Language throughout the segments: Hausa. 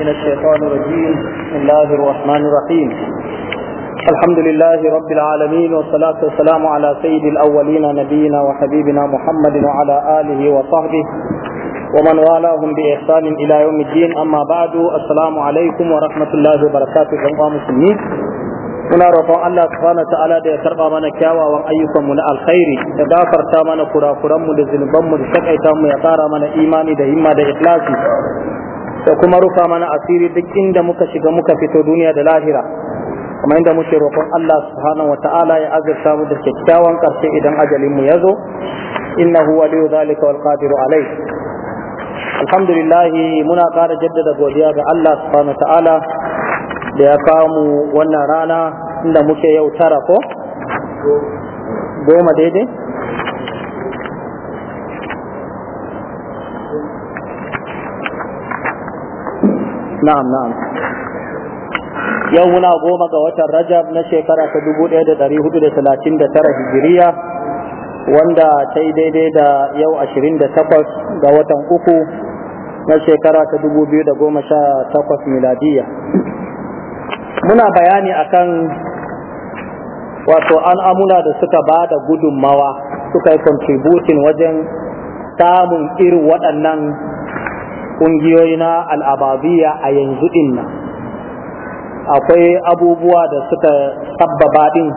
من الشيطان الرجيم بسم الله الرحمن الرحيم الحمد لله رب العالمين والصلاة والسلام على سيد الأولين نبينا وحبيبنا محمد وعلى آله وصحبه ومن والاهم بإحسان إلى يوم الدين أما بعد السلام عليكم ورحمة الله وبركاته جميعا مسلمين muna roƙon Allah subhanahu ta'ala da ya karba mana kyawawan ayyukan mu na alkhairi da gafarta mana kurakuran mu da zunuban mu da takaita mu ya tsara da kuma rufa mana asiri duk inda muka shiga muka fito duniya da lahira kuma inda muke roƙon Allah subhanahu wataala ya azurta mu da kyakkyawan ƙarshe idan ajalin mu ya zo innahu waliyu zalika wal qadiru alai alhamdulillah muna ƙara jaddada godiya ga Allah subhanahu wataala da ya kawo mu wannan rana inda muke yau tara ko goma daidai na'am na'am yau muna goma ga watan rajab na shekara ta 1439 hijiriya wanda ta yi daidai da yau 28 ga watan uku na shekara ta 2018 miladiya muna bayani akan wato amuna da suka ba da gudunmawa suka yi kontributin wajen samun irin waɗannan ƙungiyoyi na al'ababiya a yanzu din nan akwai abubuwa da suka sabbaba din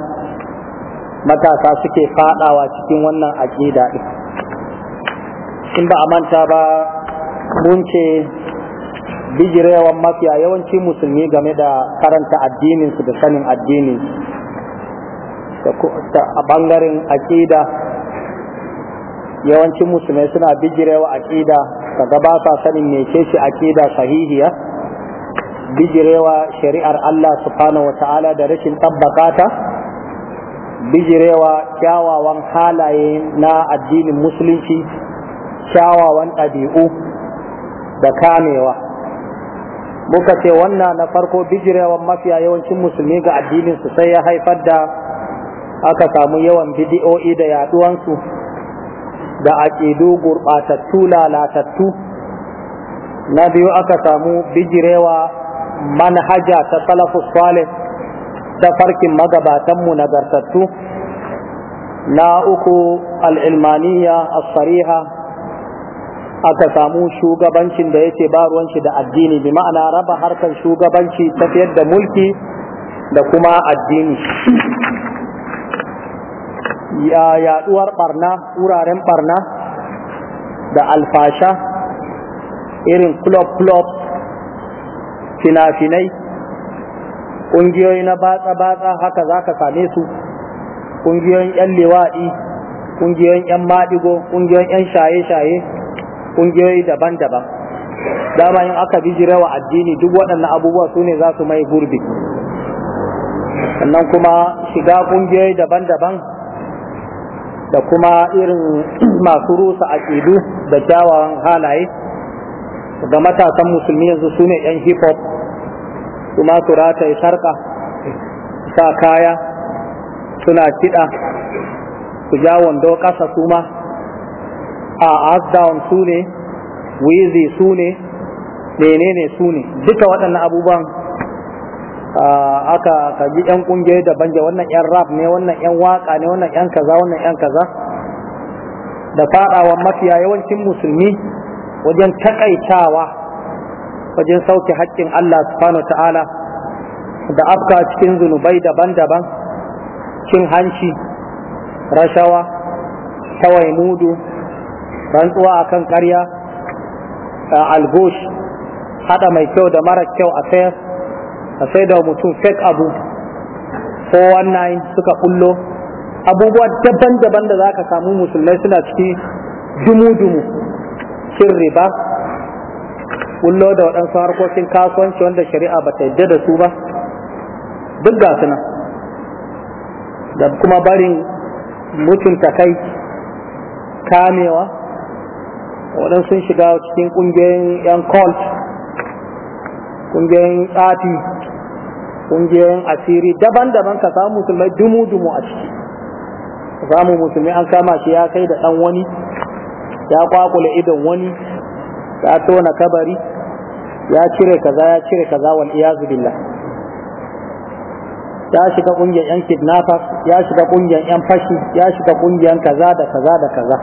matasa suke fadawa cikin wannan aƙida din in ba a manta ba mun ce bijirewan mafiya yawanci musulmi game da karanta addininsu da sanin addininsu a bangaren aƙida yawancin musulmai suna bijirewa aƙida kaga ba sa sanin mece shi akida sahihiya bijirewa shari'ar Allah subhanahu wata'ala da rashin tabbata, bijirewa kyawawan halaye na addinin musulunci kyawawan ɗabi'u da kamewa muka ce wannan na farko bijirewa mafiya yawancin musulmi ga addinin su sai ya haifar da aka samu yawan bidi'o'i da yaduwansu da aƙidu gurɓatattu lalatattu na biyu aka samu bijirewa manhaja ta salafus salih ta farkin magabatanmu nagartattu na uku al'ilmaniya as-sariha aka samu shugabancin da yake ba ruwan shi da addini bi ma'ana raba harkar shugabanci tafiyar da mulki da kuma addini yaduwar barna wuraren barna da alfasha irin club club fina-finai ƙungiyoyi na batsa-batsa haka za ka same su ƙungiyoyin 'yan lewaɗi ƙungiyoyin 'yan maɗigo ƙungiyoyin 'yan shaye-shaye ƙungiyoyi daban-daban dama in aka bijire wa addini duk waɗannan abubuwa su ne za su mai gurbi sannan kuma shiga ƙungiyoyi daban-daban da kuma irin masu rusa aƙidu da kyawawan halaye ga matasan musulmi yanzu su ne 'yan hip hop su masu rataye sarka sa kaya suna kiɗa su ja wando ƙasa su ma a asdown su ne wizi su ne menene su ne duka waɗannan abubuwan Ah, aka kaji yan kungiyoyi daban banja, wannan yan rap ne wannan yan waka ne wannan yan kaza wannan yan kaza da fadawa mafiya yawancin musulmi wajen takaitawa wajen sauke haƙƙin Allah subhanahu ta'ala da afka cikin zunubai daban-daban cin hanci rashawa tawai mudu rantsuwa akan ƙarya ah, algosh hada mai kyau da mara kyau a sayar a sai da mutum fake abu 419 suka kullo abubuwa daban-daban da za ka samu musulmai suna cikin dumu-dumu cin riba kullo da waɗansu harkokin kasuwanci wanda shari'a ba ta yadda da su ba duk ga suna da kuma barin mutunta kai kamewa waɗansu shiga cikin ƙungiyoyin 'yan cult ƙungiyoyin tsafi kungiyoyin asiri daban-daban ka samu musulmai dumu-dumu a ciki ka samu musulmi an kama shi ya kai da ɗan wani ya kwakula idon wani ya tona kabari ya cire kaza ya cire kaza wal iyazu billah ya shiga kungiyar yan kidnapper ya shiga kungiyar yan fashi ya shiga ƙungiyar kaza da kaza da kaza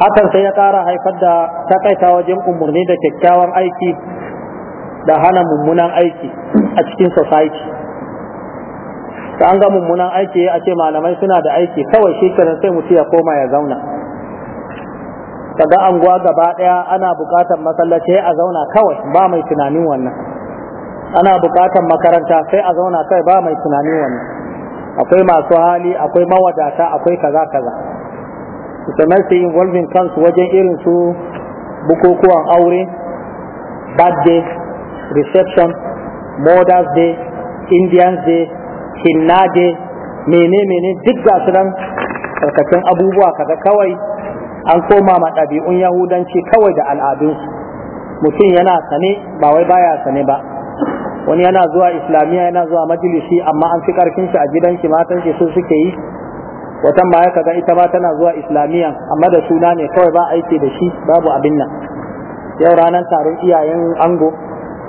hakan sai ya ƙara haifar da takaita wajen umarni da kyakkyawan aiki da hana mummunan aiki a cikin society ta an ga mummunan aiki a ce malamai suna da aiki kawai shi sai mutu ya koma ya zauna kaga anguwa gaba daya ana bukatar masallaci a zauna kawai ba mai tunanin wannan ana bukatar makaranta sai a zauna kai ba mai tunanin wannan akwai masu hali akwai mawadata akwai kaza kaza sannan sai involving kansu wajen irin su bukukuwan aure birthday reception Mothers Day, Indians Day, Hinna Day, mene-mene duk ga su nan karkacin abubuwa kaga kawai an koma ma ɗabi'un Yahudanci kawai da al'adunsu. Mutum yana sane ba wai baya sane ba. Wani yana zuwa Islamiyya yana zuwa majalisi amma an fi ƙarfin shi a gidan shi matan shi su suke yi. Watan ma ya kaga ita ma tana zuwa Islamiyya amma da suna ne kawai ba aiki da shi babu abin nan. Yau ranar taron iyayen ango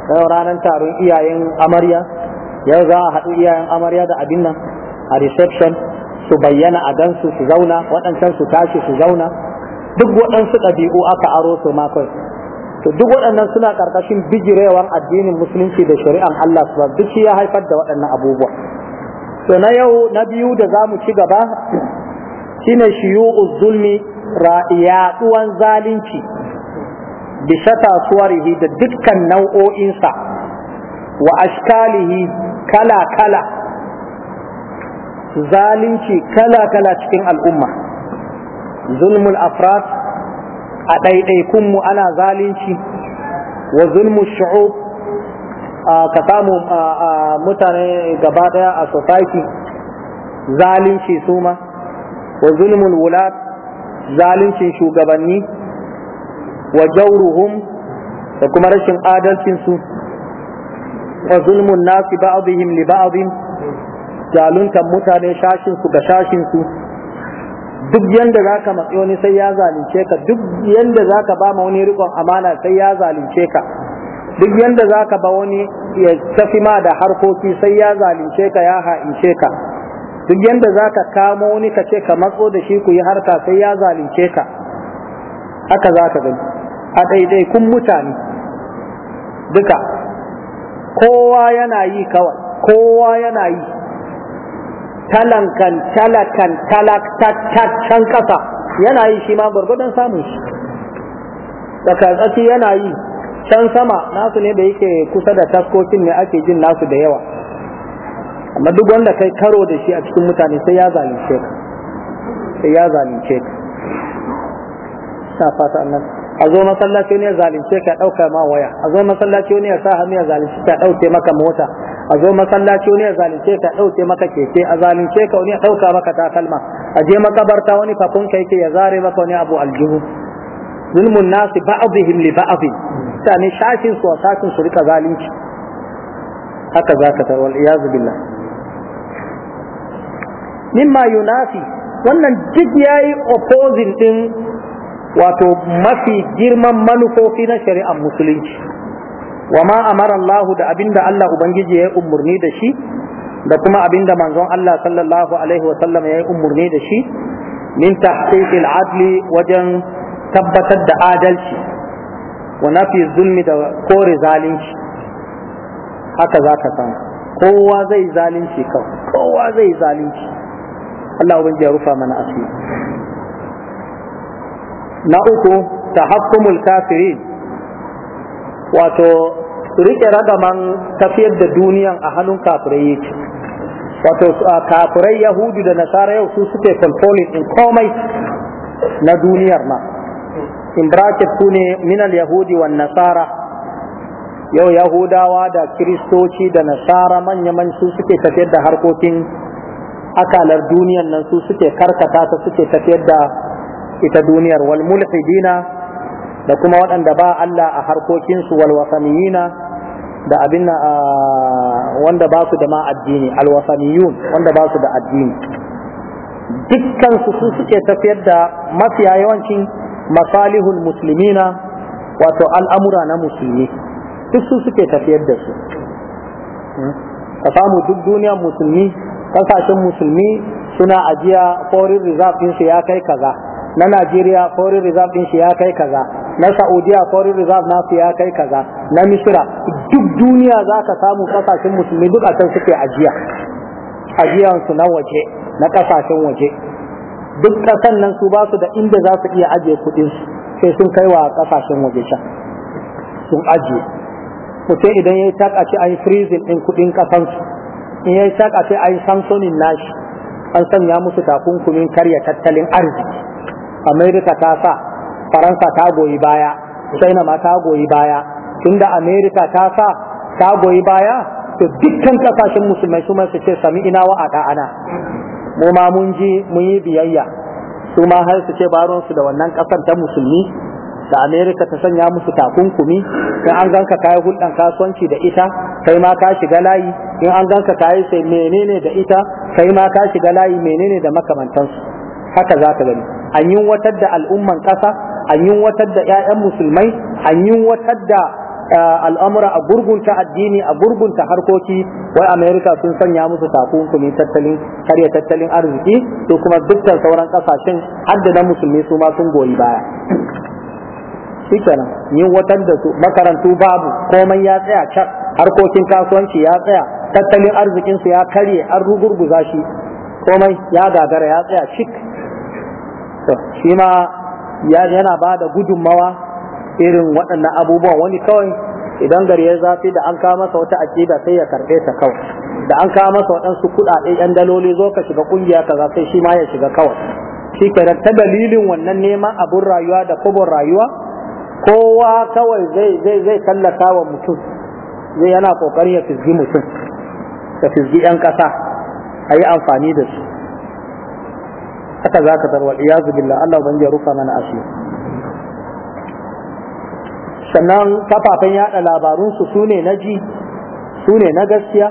yau ranar taron iyayen amarya yau za a haɗu iyayen amarya da abin nan a reception su bayyana a gansu su zauna waɗancan su tashi su zauna duk waɗansu ɗabi'u aka aro su makon to duk waɗannan suna ƙarƙashin bijirewar addinin musulunci da shari'an Allah su duk ya haifar da waɗannan abubuwa to na yau na biyu da za mu ci gaba shine shiyu'u zulmi ra'iyaduwan zalunci bi shata suwarihi da dukkan nau'o'insa wa ashkalihi kala-kala zalunci kala-kala cikin al'umma zulmul afrat a ɗaiɗaikunmu ana zalunci wa zulmul shu'ub ka samu mutane gaba ɗaya a society zalunci suma, ma wa zulmul wulat zaluncin shugabanni wa jawruhum da kuma rashin adalcin su wa zulmun nasi ba'dihim li ba'din jaluntan mutane shashin su ga shashin su duk yanda zaka matsi wani sai ya zalunce ka duk yanda zaka ba ma wani rikon amana sai ya zalunce ka duk yanda zaka ba wani ya tafi ma da harkoki sai ya zalunce ka ya ha'ince ka duk yanda zaka kamo wani ka ce ka matso da shi ku yi harka sai ya zalunce ka haka zaka gani a ɗaiɗaikun mutane duka kowa yana yi kawai kowa yana yi talankan talakan talaktaccen ƙasa yana yi shi ma gurgudan samun shi daga tsaki yana yi can sama nasu ne da yake kusa da taskokin ne ake jin nasu da yawa amma duk wanda kai karo da shi a cikin mutane sai ya zalunce ka sai ya zalunce ka na fata annan. a zo masallaci ne ya zalunce ka ɗauka ma waya a zo masallaci ne ya sa hannu ya zalunce ka ɗauke maka mota a zo masallaci ne ya zalunce ka ɗauke maka keke a zalunce ka wani ya ɗauka maka takalma a je makabarta wani kafin ka yake ya zare maka wani abu aljihu zulmun nasi ba'dihim li ba'd ta ne shashin su shashin su rika zalunci haka zaka ta wal iyaz billah mimma yunafi wannan duk yayi opposing din wato mafi girman manufofi na shari'ar musulunci wa ma amara Allah da abinda Allah ubangiji ya yi umarni da shi da kuma abinda manzon Allah sallallahu alaihi wa sallam ya yi umarni da shi min tahqiqil adli wajen tabbatar da adalci wa nafi zulmi da kore zalunci haka zaka san kowa zai zalunci kawai kowa zai zalunci Allah ubangiji ya rufa mana asiri na uku ta tahakkumul kafirin wato rike ragaman tafiyar da duniyan a hannun kafirai yake wato kafirai yahudu da nasara yau su suke controlling in komai na duniyar ma in bracket su ne minal yahudi wa nasara yau yahudawa da kiristoci da nasara manya su suke tafiyar da harkokin akalar duniyar nan su suke karkata ta suke tafiyar da ita duniyar wal mulhidina da kuma waɗanda ba Allah a harkokinsu wal wasaniyina da abin wanda ba su da ma addini al wasaniyun wanda ba su da addini dukkan su su suke tafiyar da mafiya yawancin masalihul muslimina wato al'amura na musulmi duk su suke tafiyar da su ka samu duk duniyar musulmi kasashen musulmi suna ajiya forin reserve ɗinsu ya kai kaza na Najeriya foreign reserve din shi ya kai kaza na Saudiya foreign reserve nasu ya kai kaza na Misira duk duniya za ka samu kasashen musulmi duk a can suke ajiya ajiyansu na waje na kasashen waje duk kasan nan su ba su da inda za su iya ajiye kudin su sai sun kai wa kasashen waje can sun ajiye mutum idan ya yi takace a yi freezing ɗin kuɗin su in ya yi takace a yi samsonin nashi an sanya musu takunkumin karya tattalin arziki amerika ta sa faransa ta goyi baya china ma ta goyi baya tunda Amerika ta sa ta goyi baya to dukkan kasashen musulmai su su ce sami ina wa aka ana mu ma mun ji mun yi biyayya su ma har su ce baron su da wannan kasar ta musulmi da Amerika ta sanya musu takunkumi in an ganka kayi hulɗan kasuwanci da ita kai ma ka shiga layi in an ganka kayi sai menene da ita kai ma ka shiga layi menene da makamantansu haka za ka gani an yi watar da al'umman ƙasa an yi watar da 'ya'yan musulmai an yi watar da eh, al'amura a gurgunta addini a gurgunta harkoki wai america sun sanya musu takunkumi tattalin karya tattalin arziki to kuma dukkan sauran kasashen haddana musulmi su ma sun goyi baya shikenan yin watan da su makarantu babu komai ya tsaya can harkokin kasuwanci ya tsaya tattalin arzikin su ya karye an rugurguza shi komai ya gagara ya tsaya shik shi ma yana ba da gudunmawa irin waɗannan abubuwan wani kawai idan gari ya zafi da an kawo masa wata aƙida sai ya karɓe ta kawai da an kawo masa waɗansu kuɗaɗe yan daloli zo ka shiga ƙungiya ka za sai shi ma ya shiga kawai shi kenan ta dalilin wannan neman abin rayuwa da kubon rayuwa kowa kawai zai zai zai tallata wa mutum zai yana kokarin ya fizgi mutum ya fizgi yan ƙasa a yi amfani da su haka za ka tarwa iyazu billah Allah ban ya rufa mana asiri sannan kafafen yada labarunsu su ne na ji su na gaskiya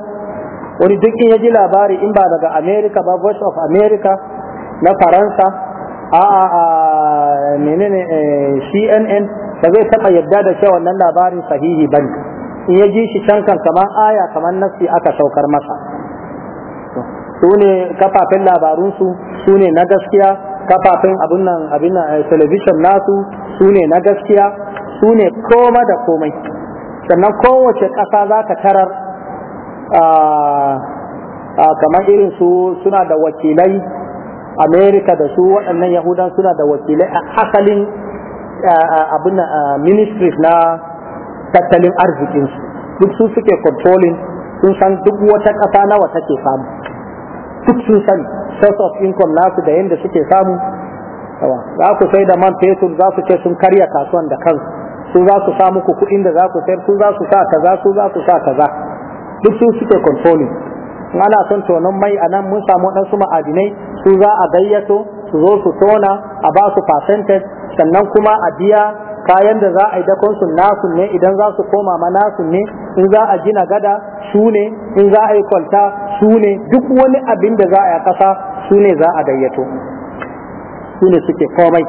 wani duk in ya ji labari in ba daga america ba voice of america na faransa a a a menene eh, cnn ba zai taba yadda da cewa wannan labarin sahihi ba in ya ji shi can kan kamar aya kamar nasi aka saukar masa su ne kafafen labarunsu su ne na gaskiya kafafen abin nan abin nan eh, television nasu su ne na gaskiya su ne koma da komai sannan kowace ƙasa za ka tarar ah, ah, kamar irin su suna da wakilai amerika da su waɗannan yahudan suna da wakilai a asalin ah, abin ministries na tattalin arzikinsu duk su suke controlling sun san duk wata ƙasa nawa take samu duk sun sani source of income nasu da yanda suke samu za ku sai da man fetur za su ce sun karya kasuwan da kansu su za su sa muku kuɗin da za ku sayar su za su sa kaza su za su sa kaza duk su suke controlling ana son tonon mai a nan mun samu ɗansu ma'adinai su za a gayyato su zo su tona a ba su percentage sannan kuma a biya kayan da za a yi dakon su nasu ne idan za su koma ma nasu ne in za a gina gada su ne in za a yi kwalta su duk wani abin da za a yi ƙasa su za a gayyato su suke komai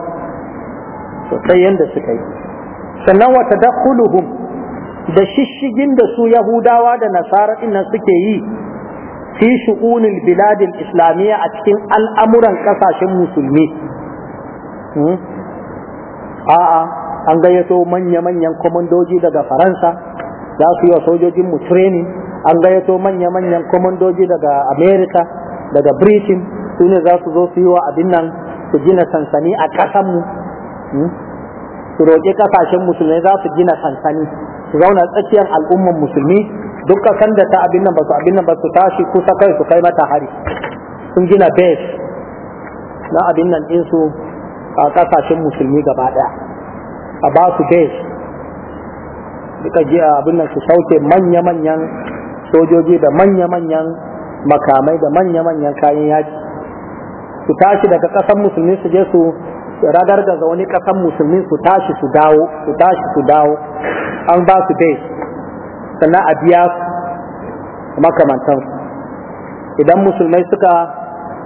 sosai yadda suka yi sannan wata dakhuluhum da shishigin da su yahudawa da nasara nan suke yi fi shu'unil biladil islamiyya a cikin al'amuran kasashen musulmi hmm? a'a an gayyato manya-manyan komandoji daga faransa za su yi wa sojojin mu training an gayyato manya-manyan komandoji daga Amerika, daga britain su ne za su zo su yi wa abin nan su gina sansani a ƙasanmu hmm? su roƙi ƙasashen musulmi za su gina sansani su zauna tsakiyar al'umman musulmi duk kasan da ta abin nan ba su abin nan ba su tashi kusa kai su kai mata hari sun gina base na abin nan ɗinsu a ƙasashen musulmi gaba ɗaya a ba su base duka ji abin nan su sauke manya-manyan sojoji da manya-manyan makamai da manya-manyan kayan yaji su tashi daga kasan musulmi su je su ragar da wani kasan musulmi su tashi su dawo su tashi su dawo an ba su dai sannan a biya makamantan idan musulmai suka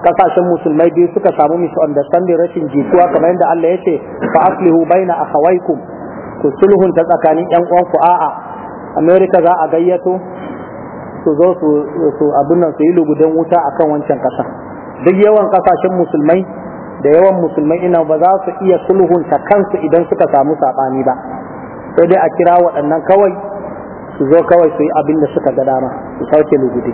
kasashen musulmai biyu suka samu misunderstanding rashin jituwa kamar yadda Allah ya ce fa aslihu baina akhawaykum ku sulhun ta tsakanin yan uwanku a'a America za a gayyato su zo su abin nan su yi lugudan wuta akan wancan kasa duk yawan ƙasashen musulmai da yawan musulmai ina ba za su iya tulhunta kansu idan suka samu saɓani ba sai dai a kira waɗannan kawai su zo kawai su yi abin da suka ga dama su sauke lugudi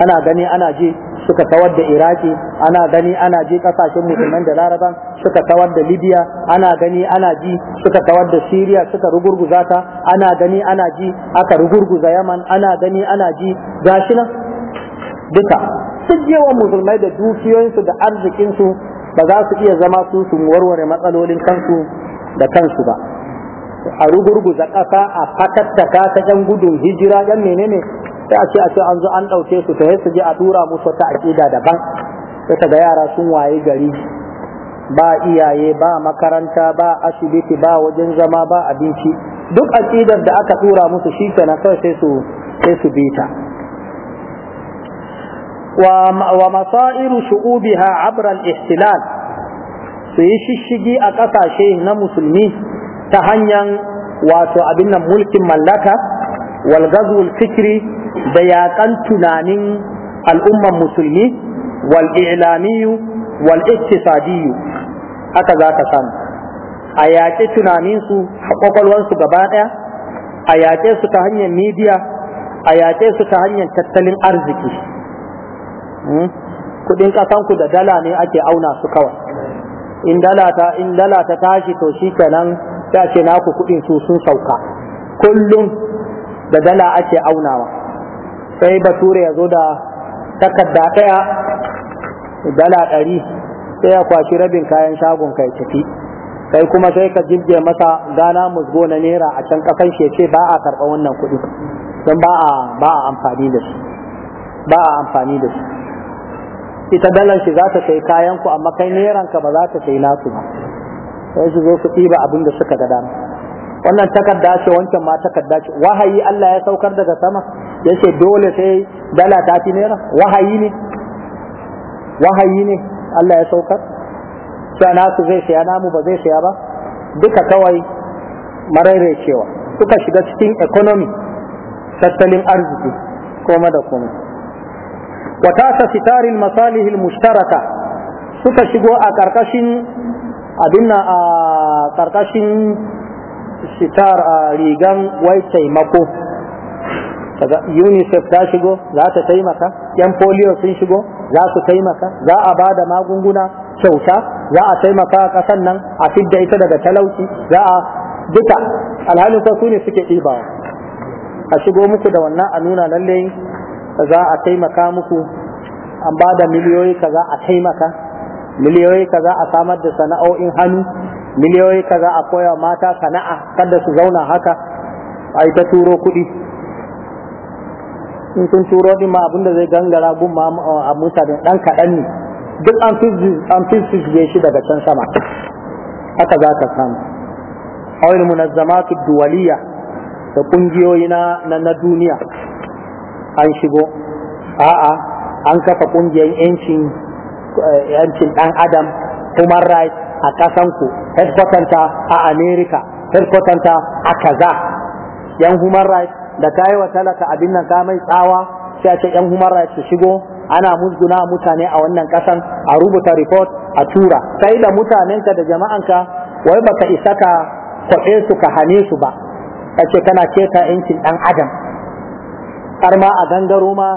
ana gani ana ji suka kawar da iraki ana gani ana ji kasashen musulman da laraban suka kawar da libya ana gani ana ji suka kawar da syria suka rugurguza ta ana gani ana ji aka rugurguza yaman ana gani ana ji gashi nan duka duk yawan musulmai da dukiyoyinsu da arzikinsu ba za su iya zama su sun warware matsalolin kansu da kansu ba a rugurguza ƙasa a fatattaka ta 'yan gudun hijira 'yan menene sai a ce a ce an zo an ɗauke su to su je a tura musu wata aƙida daban sai ka ga yara sun waye gari ba iyaye ba makaranta ba asibiti ba wajen zama ba abinci duk aƙidar da aka tura musu shi kenan kawai sai su sai su bi ta wa masairu shu'ubiha abra ihtilal su yi shishigi a ƙasashe na musulmi ta hanyar wato abin nan mulkin mallaka wal fikri da yaƙan tunanin al'umman musulmi wal i'lamiyu wal iktisadiyu haka za ka samu a yaƙi tunaninsu kwakwalwansu gaba ɗaya a yaƙe su ta hanyar midiya a yaƙe su ta hanyar tattalin arziki hmm? kudin ƙasanku da dala ne ake auna su kawai in dala ta in dala ta tashi to shi kenan ta ce naku kudin su sun sauka kullum da dala ake aunawa sai bature ya zo da takarda ɗaya dala ɗari sai ya kwashi rabin kayan shagon kai tafi kai kuma sai ka jirge masa gana musgo na naira a can kasan shi ce ba a karɓa wannan kuɗi don ba a amfani da shi ba a amfani da shi ita dalar shi za ta sai kayan ku amma kai neran ka ba za ta sai nasu ba sai su zo su ɗiba abin da suka ga dama wannan takarda ce wancan ma takarda ce wahayi Allah ya saukar daga sama yace dole sai dala ta fi naira wahayi ne wahayi ne Allah ya saukar cewa nasu zai saya namu ba zai saya ba duka kawai maraire cewa suka shiga cikin economy tattalin arziki koma da koma wa ta sitarin masalihil mushtaraka suka shigo a karkashin abin a karkashin sitar a rigan wai taimako unicef ta shigo za ta taimaka yan polio sun shigo za su taimaka za a ba da magunguna kyauta za a taimaka a ƙasan nan a fidda ita daga talauci za a duka alhalin su ne suke ɗibawa a shigo muku da wannan a nuna lalle za a taimaka muku an ba da miliyoyi kaza a taimaka miliyoyi kaza a samar da sana'o'in hannu miliyoyi kaza a koya mata sana'a kada su zauna haka a yi ta turo kuɗi in sun turo din ma abinda zai gangara gun ma a mutane ɗan kaɗan ne duk an fizge shi daga can sama haka za ka samu awil munazzamatu duwaliya da kungiyoyi na na duniya an shigo a'a an kafa ƙungiyar yancin yancin eh, dan adam human rights a kasanku headquartanta a america headquartanta a kaza yan human rights da yi wa talaka abin nan ka mai tsawa sai a ce yan human rights su shigo ana musguna mutane a wannan kasan a rubuta report a tura sai da mutanenka da jama'an ka wai baka isa ka kwaɓe su ka hane su ba kace kana keta yancin ɗan adam har ma a gangaro ma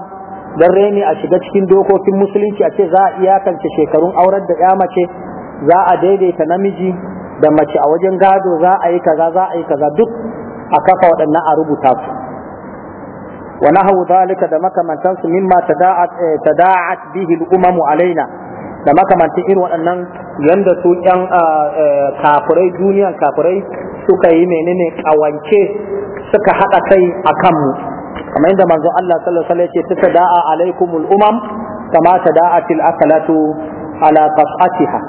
don reni a shiga cikin dokokin musulunci a ce za a iyakance shekarun aurar da ya mace za a daidaita namiji da mace a wajen gado za a yi kaza za a yi kaza duk a kafa waɗannan a rubuta su wa nahawu zalika da makamantan su mimma tada'at eh, tada'at bihi al-umamu alaina da makamantan irin waɗannan yanda su ƴan eh, kafirai duniyan kafirai suka yi menene kawance suka haɗa kai akan mu kamar yadda manzo Allah sallallahu alaihi wasallam ya ce tada'a alaikumul umam kama tada'atil akalatu ala qas'atiha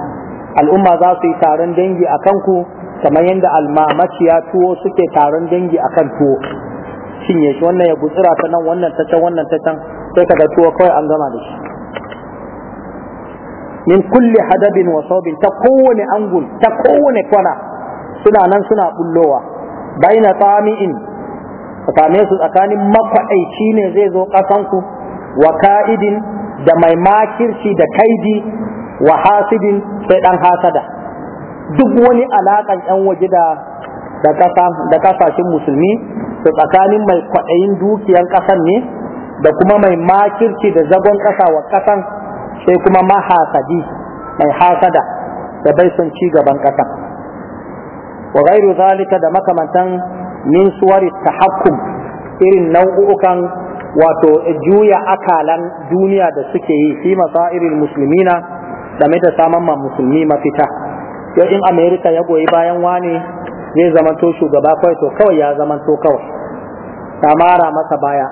al'umma za su yi taron dangi a kanku kamar yadda almamaciya tuwo suke taron dangi a kan tuwo cinye shi wannan ya gutsira ta nan wannan ta can wannan ta can sai kaga tuwo kawai an gama da shi min kulli hadabin wa ta kowane angul ta kowane kwana suna nan suna bullowa baina tsami'in tsakane su tsakanin makwaɗaici ne zai zo ƙasanku wa ka'idin da mai makirci da kaidi wa hasidin sai dan hasada duk wani alakan yan waje da da kasashen musulmi to tsakanin mai kwaɗayin dukiyar ƙasan ne da kuma mai makirci da zagon ƙasa wa ƙasan sai kuma mahasadi mai hasada da bai son ci gaban ƙasan wa gairu zalika da makamantan min suwari tahakkum irin nau'ukan wato juya akalan duniya da suke yi fi irin musulmina game da saman ma musulmi mafita yau in amerika ya goyi bayan wane zai zamanto shugaba kawai to kawai ya zamanto kawai ta mara masa baya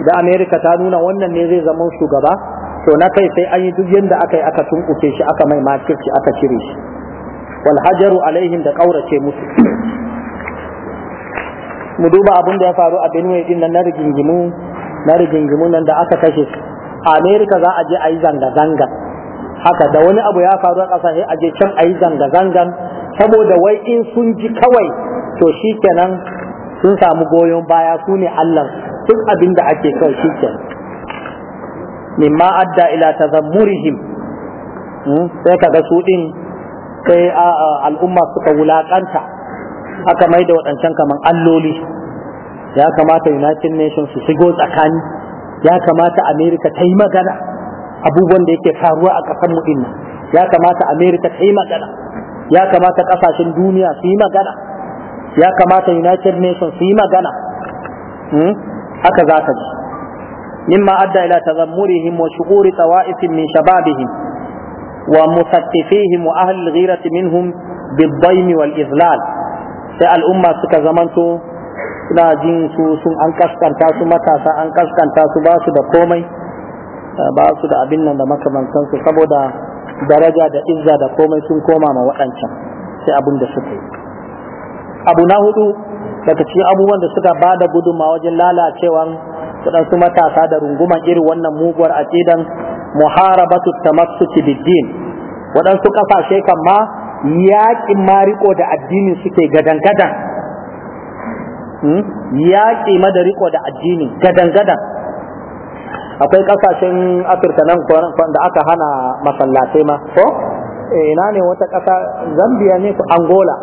idan Amerika ta nuna wannan ne zai zama shugaba to na kai sai an yi duk yadda aka yi aka tunkuce shi aka mai makirci aka cire shi wal hajaru alaihim da kaurace musu mu duba abin da ya faru a Benue din nan na rigingimu na rigingimu nan da aka kashe Amerika za a je a yi zanga-zanga haka da wani abu ya faru a ƙasa sai a je can a yi zanga-zangan saboda wai in sun ji kawai to shikenan sun samu goyon baya su ne Allah duk abin da ake kawai shikenan mimma adda ila tazammurihim hmm? sai kaga su din sai al'umma suka wulakanta aka mai da waɗancan kamar alloli ya kamata united nations su shigo tsakani ya kamata america ta yi magana abubuwan da yake faruwa a ƙasar mu din ya kamata America ta yi magana ya kamata ƙasashen duniya su yi magana ya kamata United Nations su yi magana hmm? haka za ka ji mimma adda ila tazammurihim wa shu'uri tawa'ifin min shababihim wa musaffifihim wa ahli al-ghirati minhum bid-daymi wal-izlal sai al'umma suka zamanto suna jin su sun an kaskanta su matasa an kaskanta su ba su da komai ba su da abin nan da su saboda daraja da izza da komai sun koma ma waɗancan sai abin da suka yi abu na hudu daga cikin abubuwan da suka ba da gudunma wajen lalacewan waɗansu matasa da runguman irin wannan muguwar aƙidan muharabatu tamassuki biddin waɗansu ƙasashe kan ma yaƙin mariko da addinin suke gadan-gadan hmm? yaƙi ma da riko da addini gadan-gadan akwai kasashen afirka nan da aka hana masallatai ma ko eh, ina ne wata kasa zambia ne ko angola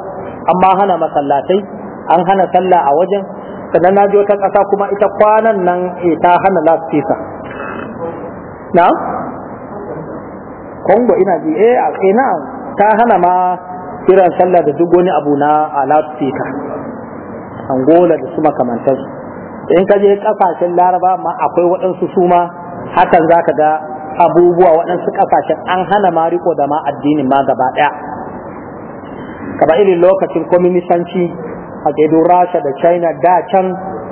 amma hana masallatai an hana sallah a wajen sannan na ji wata kasa kuma ita kwanan nan eh, ta hana lafisa na kongo ina ji eh ina ta hana ma kiran sallah da duk wani abu na a lafisa angola da su Makamantar. in ka je kasashen laraba ma akwai waɗansu suma hakan za ka ga abubuwa waɗansu kasashen an hana ma riko da ma addinin ma gaba ɗaya kaba irin lokacin kwaminisanci a kedun rasha da china da can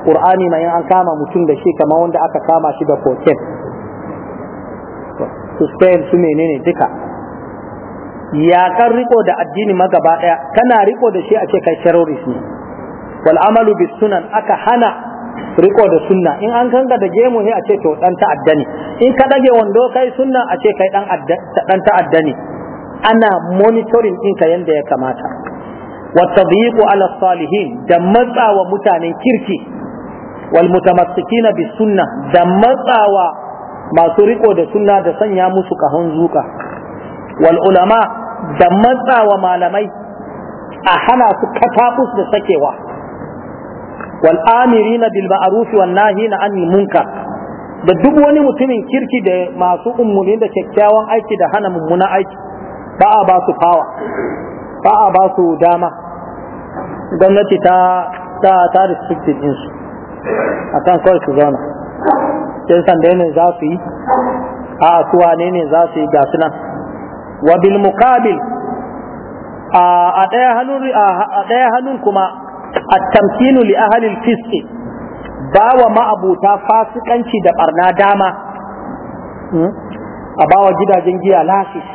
ƙur'ani mai an kama mutum da shi kamar wanda aka kama shi da kokin su spain su menene duka kan riko da addini ma gaba ɗaya kana riko da shi a ce kai terrorist ne wal amalu aka hana riko da sunna in an kanka da gemu ne a ce to dan ta'adda ne in ka dage wando kai sunna a ce kai dan dan ta'adda ne ana monitoring din ka yanda ya kamata wa tadyiqu ala salihin da matsawa mutanen kirki wal mutamassikina bis sunna da matsawa masu riko da sunna da sanya musu kahon zuka wal ulama da matsawa malamai a hana su katabus da sakewa wal amirina bil ma'ruf wan nahina anil munkar da duk wani mutumin kirki da masu ummuni da kyakkyawan aiki da hana mummuna aiki ba a ba su fawa ba a ba su dama gwamnati ta ta ta restricted din su akan kawai su zauna yan sanda ne za su yi a su ne ne za su yi ga su nan wa bil muqabil a ɗaya hannun kuma التمكين لأهل الفسق باو ما fasikanci, da شد برنا داما أباو جدا جنجيا لاشش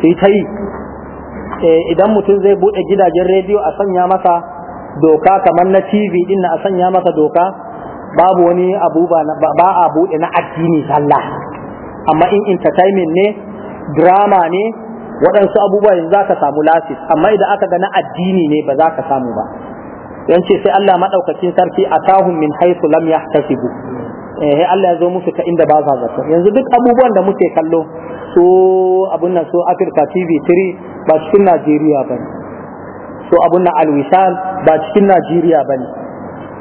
في تي idan mutum zai bude gidajen rediyo a sanya masa doka kamar na tv din a sanya masa doka babu wani abu ba a bude na addini sallah amma in entertainment ne drama ne waɗansu abubuwa yanzu za ka samu lasis amma idan aka gana addini ne ba za ka samu ba yan ce sai Allah maɗaukacin sarki a tahun min haisu lam ya bu eh Allah ya zo musu ta inda ba za zato yanzu duk abubuwan da muke kallo su abun nan su Africa TV 3 ba cikin Najeriya ba su abun nan Alwisal ba cikin Najeriya ba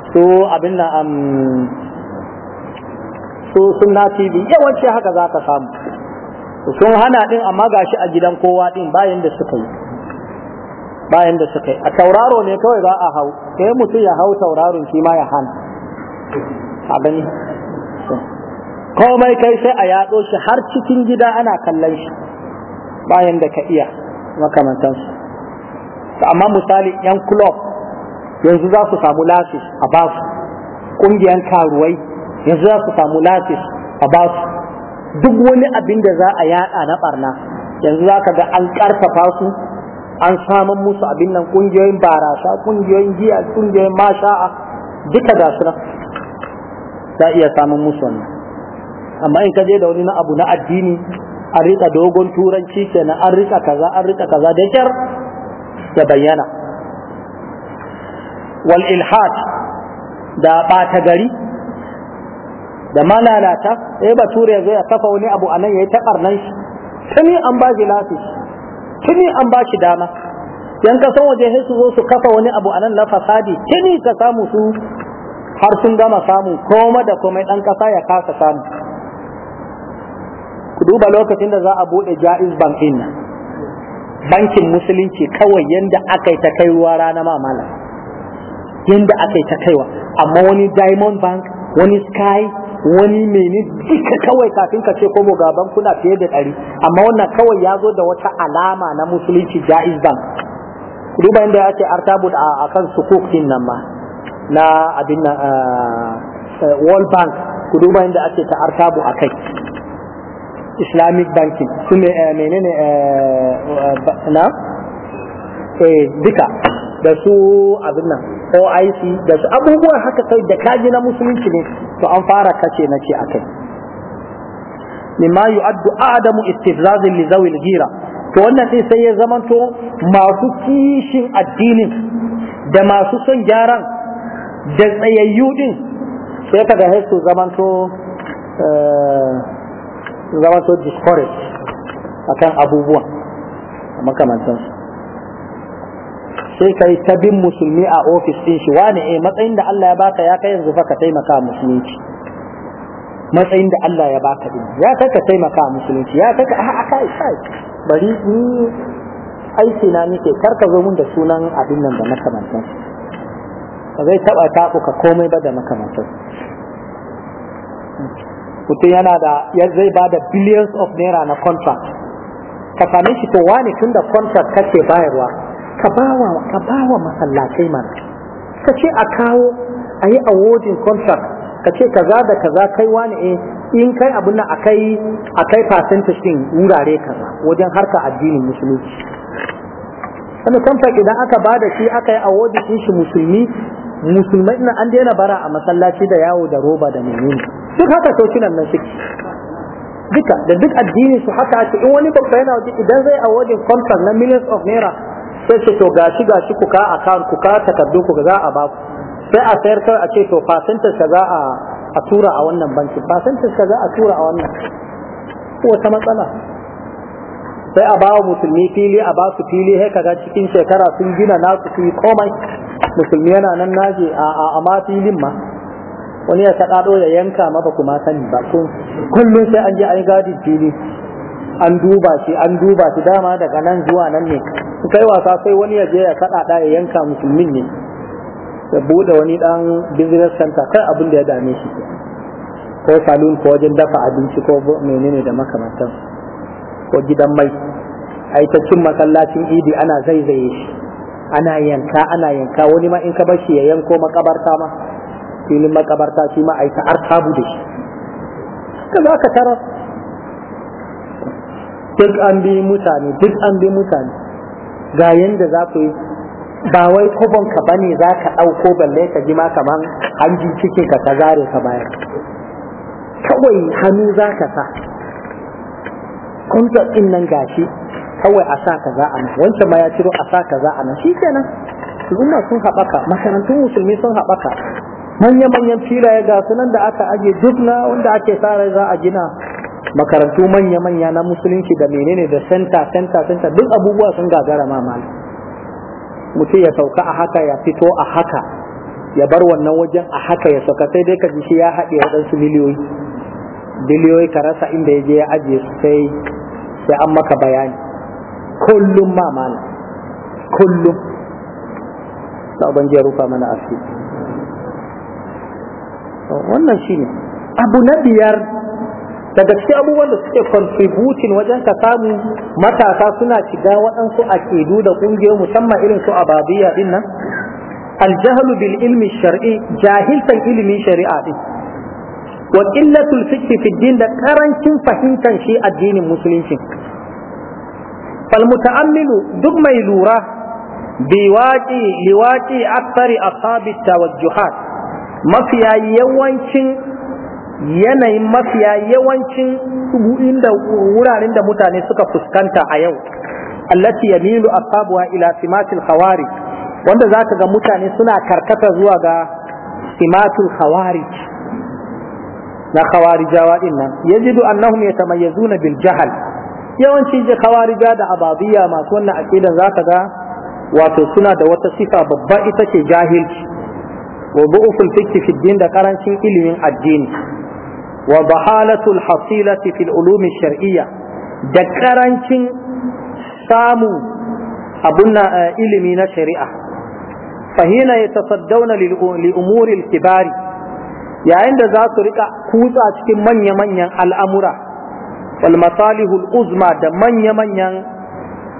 su abin nan su sunna TV yawanci haka za ka samu sun hana din amma gashi a gidan kowa din bayan da suka yi bayan da suka yi a tauraro ne kawai za a hau sai mutum ya hau tauraron shi ma ya hana a gani komai kai sai a yaɗo shi har cikin gida ana kallon shi bayan da ka iya makamantansu amma misali yan club yanzu za su samu lasis a basu ƙungiyar karuwai yanzu za su samu lasis a basu duk wani abin da za a yada na barna yanzu za ka ga an karfafa su an saman musu abin nan kungiyoyin barasa kungiyoyin giya kungiyoyin a duka ga su za iya samun musu wannan amma in ka je da wani na abu na addini an rika dogon turanci kenan an rika kaza an rika kaza da kyar ya bayyana wal ilhad da ɓata gari da malalata sai bature ya zo ya kafa wani abu anan yayi ta karnan shi tuni an ba shi lafi tuni an ba shi dama yan kasan waje sai su zo su kafa wani abu anan na fasadi tuni ka samu su har sun gama samu koma da komai dan kasa ya kasa samu ku duba lokacin da za a bude jaiz bank nan bankin musulunci kawai yanda aka yi ta kaiwa rana mamala yanda aka yi ta kaiwa amma wani diamond bank wani sky wani mene duka kawai kafin ka ce ko gaban kuna fiye da ɗari amma wannan kawai ya zo da wata alama na musulunci jaiz bank duba inda ya ce artabud a kan sukuk din nan ma na abin na eh, eh, world bank ku duba inda ake ta artabu a kai islamic banking su eh, menene na eh duka da su abin nan oic da su haka kai da kaji na musulunci ne to an fara kace na ce akai mimma yu'addu adamu istizazin li zawil gira to wannan din sai ya zamanto masu kishin addinin da masu son gyaran da tsayayyu din sai kaga sai su zamanto eh, zamanto discourage akan abubuwan makamantansu sai kai ta bin musulmi a ofis din shi wani eh matsayin da Allah ya baka ya kai yanzu fa ka taimaka musulunci matsayin da Allah ya baka din ya kai ka taimaka musulunci ya kai ka a kai sai bari ni aiki na nake kar ka zo mun da sunan abin nan da makamantan ba zai taba ku ka komai ba da makamantan mutum yana da zai ba da billions of naira na contract ka same shi to wani tun da contract kake bayarwa ka bawa ka masallatai mana ka ce a kawo a yi awardin contract ka ce kaza da kaza kai wani eh in kai abin nan akai akai percentage din wurare kaza wajen harka addinin musulunci sannan contract idan aka ba da shi aka yi awardin din shi musulmi musulmai na an daina bara a masallaci da yawo da roba da menene duk haka socinan nan suke duka da duk addinin su haka ake in wani babba yana waje idan zai awardin contract na millions of naira sai ce to gashi gashi ku ka akan ku ka takardu ku za a ba ku. sai a sayar kai a ce to fasantar ka za a a tura a wannan bankin fasantar ka za a tura a wannan wata matsala sai a bawa musulmi fili a ba su fili sai kaga cikin shekara sun gina nasu su yi komai musulmi yana nan naje a a amma ma filin ma wani ya kaɗaɗo ya yanka ma ba kuma sani ba kullum sai an je an gadi fili an duba shi an duba shi dama daga nan zuwa nan ne kai wasa sai wani ya je ya kada da ya yanka musulmin ne ya bude wani dan business center kai abin da ya dame shi ko salon ko wajen dafa abinci ko menene da makamantan ko gidan mai ai ta cin masallacin idi ana zaizaye shi ana yanka ana yanka wani ma in ka bar shi ya yanko makabarta ma filin makabarta shi ma ai ta artabu da shi kaza ka tarar duk an bi mutane duk an bi mutane ga yanda za ku yi ba wai kubonka ba ne za ka ɗauko balle ka ji ma kaman an ji cikin ka ka zare ka baya. kawai hannu za ka sa kunta din nan gashi kawai a sa ka za a nan wancan ma ya ciro a sa ka za a nan shi kenan al'umma sun haɓaka makarantun musulmi sun haɓaka manya-manyan filaye ga sunan da aka aje duk na wanda ake sa za a gina makarantu manya-manya na musulunci da menene da center center center duk abubuwa sun gagara ma malam mutum ya sauka a haka ya fito a haka ya bar wannan wajen a haka ya sauka sai dai ka ji shi ya haɗe waɗansu miliyoyi biliyoyi ka rasa inda ya je ya ajiye su sai sai an maka bayani kullum ma malam kullum na ubangiji ya rufa mana asiri wannan shine abu na biyar daga cikin abubuwan da suke contributing wajen ka samu matasa suna shiga waɗansu akidu da ƙungiyoyi musamman irin su ababiya din nan aljahlu bil ilmi shar'i jahiltan ilmi shari'a din wa qillatul fiqh fi din da karancin fahimtar shi addinin musulunci fal muta'ammilu duk mai lura biwaqi liwaqi aktsari ashabi tawajjuhat mafiya yawancin yanayin mafiya yawancin inda wuraren da mutane suka fuskanta a yau allati yamilu ashabuha ila simatil khawari wanda zaka ga mutane suna karkata zuwa ga simatul khawari na khawarijawa din nan yajidu annahum yatamayyazuna bil jahl yawanci je khawarija da abadiyya masu wannan aqidan zaka ga wato suna da wata sifa babba ita ce jahilci wa bu'uful fikhi fi din da karancin ilimin addini wa bahalatul hasilati fil ulumi shar'iyya da karancin samu abun eh, ilimi na shari'a fahina ya tasaddauna li umuril kibari yayin da za su rika kutsa cikin manya-manyan al'amura wal masalihul uzma da manya-manyan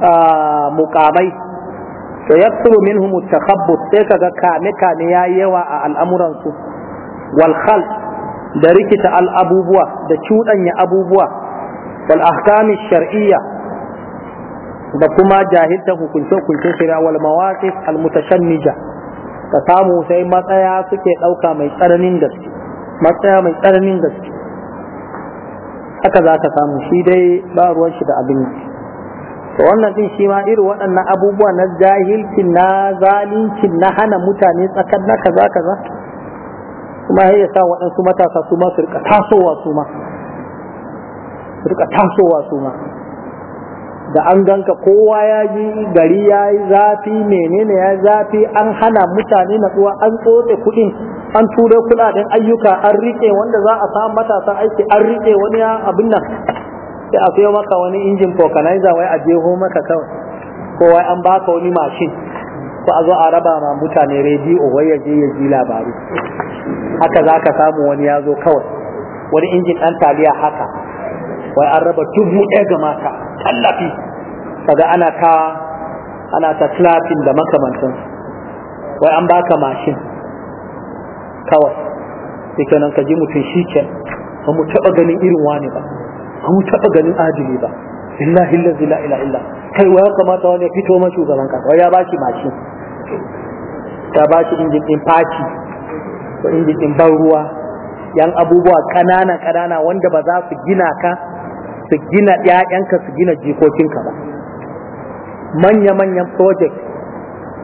ah, mukamai to yakturu minhum takhabbut sai kaga kame kame yayi yawa a al'amuran su wal khalq da rikita al'abubuwa da cuɗanya abubuwa wal ahkami shar'iyya da kuma jahilta hukunce-hukunce shari'a wal mawaƙi al mutashannija ka samu sai matsaya suke ɗauka mai tsananin gaske matsaya mai tsananin gaske haka za ka samu shi dai ba ruwan shi da abin to wannan din shi ma irin waɗannan abubuwa na jahilcin na zalincin na hana mutane tsakar na kaza kaza kuma ya sa waɗansu matasa su ma su rika tasowa su ma tasowa su da an ganka kowa ya ji gari ya yi zafi menene ya yi zafi an hana mutane natsuwa an tsotse kuɗin an ture kuɗaɗen ayyuka an riƙe wanda za a samu matasa aiki an riƙe wani ya abin nan sai a fiye maka wani injin vulcanizer wai a jeho maka kawai ko an baka wani mashin ko a zo a raba ma mutane rediyo wai ya je ya ji labari haka za ka samu wani ya zo kawai wani injin ɗan taliya haka wai an raba dubu ɗaya ga mata tallafi kaga ana ta ana ta tallafin da makamantan wai an baka mashin kawai sai kenan ka ji mutum shi ke ba mu taɓa ganin irin wani ba ba mu taɓa ganin adili ba illahi lazi la ila illa kai wai kamata wani ya fito mashi shugaban kasa wai ya bashi mashin ta bashi injin ɗin faci ko injin din ban ruwa yan abubuwa kanana kanana wanda ba za su gina ka su gina ƴaƴanka su gina jikokinka ba manya manyan project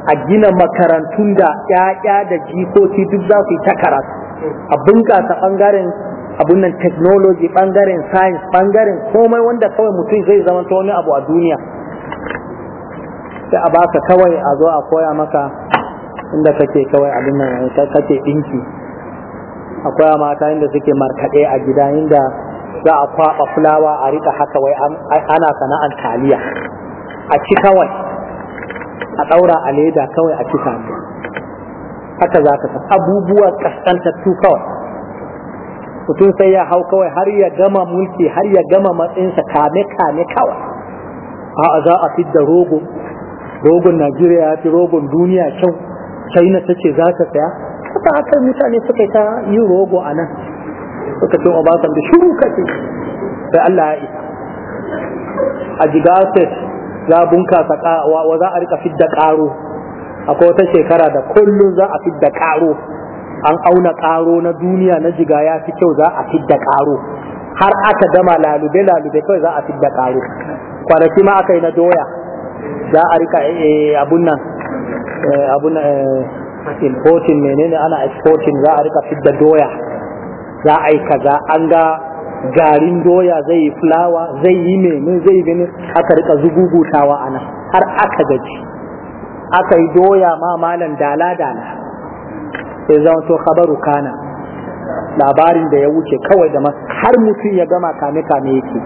a gina makarantun da ƴaƴa da jikoki duk za su yi ta a bunƙasa ɓangaren abun nan technology ɓangaren science ɓangaren komai wanda kawai mutum zai zama ta wani abu a duniya sai a baka kawai a zo a koya maka inda kake kawai abin nan kake dinki akwai mata inda suke markaɗe a gida inda za a kwaɓa fulawa a rika haka wai ana sana'an taliya a ci kawai a ɗaura a leda kawai a ci taliya haka za ka san abubuwa ƙasƙantattu kawai mutum sai ya hau kawai har ya gama mulki har ya gama matsinsa, kame kame kawai a za a fidda rogo rogon najeriya ya fi rogon duniya kyau china ta ce za ta saya kasa haka mutane suka ta yi rogo a nan suka ce obasanjo shuru kace sai allah ya isa a jigaset za a bunkasa wa za a rika fidda karo akwai wata shekara da kullum za a fidda karo an auna karo na duniya na jiga ya fi kyau za a fidda karo har aka dama lalube lalube kawai za a fidda karo kwanaki ma aka yi na doya za a rika eh, eh, abun nan Eh, abun eh, importing menene ana exporting za a rika fidda doya za a yi kaza an ga garin doya zai yi fulawa zai yi menene zai yi aka rika zugugutawa a nan har aka gaji aka yi doya ma malam dala dala sai zan to khabaru kana labarin da ya wuce kawai da har mutum ya gama kame kame yake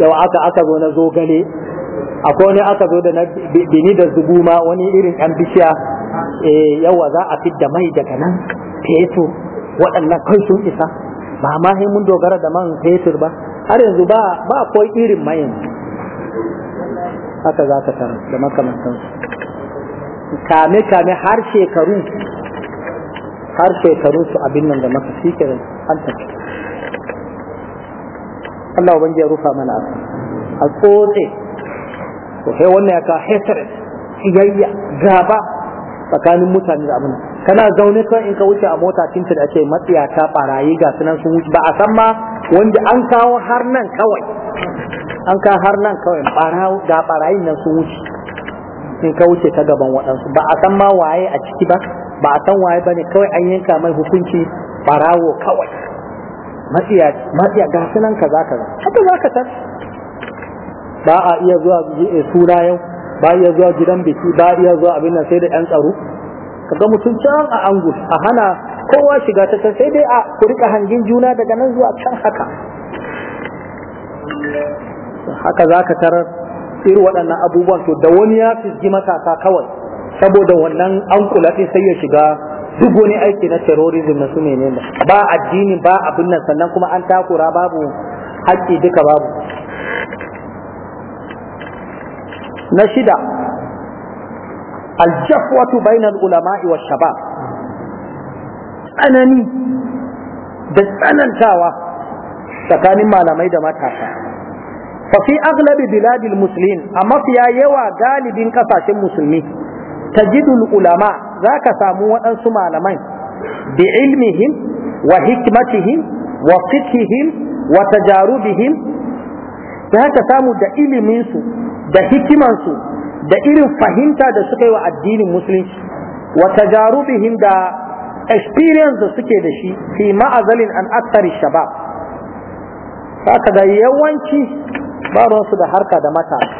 yau aka aka zo na zogale akwai wani aka zo da na bini da zubu ma wani irin yan bishiya eh, yawa za a fidda mai daga nan fetur waɗannan kai sun isa ba ma sai mun dogara da man fetur ba har yanzu ba ba kawai irin mayan. haka za ka tara da makamantansu kame kame har shekaru har shekaru su abin nan da maka shi kenan an tafi Allah ubangiji ya rufa mana a tsotse to sai wannan ya kawo hatred kiyayya gaba tsakanin mutane da abin kana zaune kan in ka wuce a mota tinta da ake ta barayi ga sunan sun wuce ba a san ma wanda an kawo har nan kawai an kawo har nan kawai ga barayin nan sun wuce in ka wuce ta gaban waɗansu ba a san ma waye a ciki ba ba a san waye ba ne kawai an yanka mai hukunci barawo kawai matsiya ga sunan kaza kaza haka za ka tafi ba a iya zuwa eh, suna yau ba iya zuwa gidan biki ba iya zuwa abin nan sai da ƴan tsaro kaga mutum can a angus a hana kowa shiga ta can sai dai a ku rika hangin juna daga nan zuwa can haka haka za ka tarar irin waɗannan abubuwan to da wani ya fizgi matasa kawai saboda wannan an kulatin sai ya shiga duk wani aiki na terrorism na su ne ba addini ba abin nan sannan kuma an takura babu haƙƙi duka babu na shida aljafwatu bainal ulama'i wa shabab tsanani da tsanantawa tsakanin malamai da matasa fa fi aglabi biladil muslimin amma fiya yawa galibin kasashen musulmi tajidul ulama zaka samu waɗansu malamai bi ilmihim wa hikmatihim wa fiqhihim wa tajarubihim da haka samu da iliminsu da hikimansu da irin fahimta da suka yi wa addinin musulunci wa tajarubihim da experience da suke da shi fi ma'azalin an aksari shabab saka da yawanci ba su da harka da matasa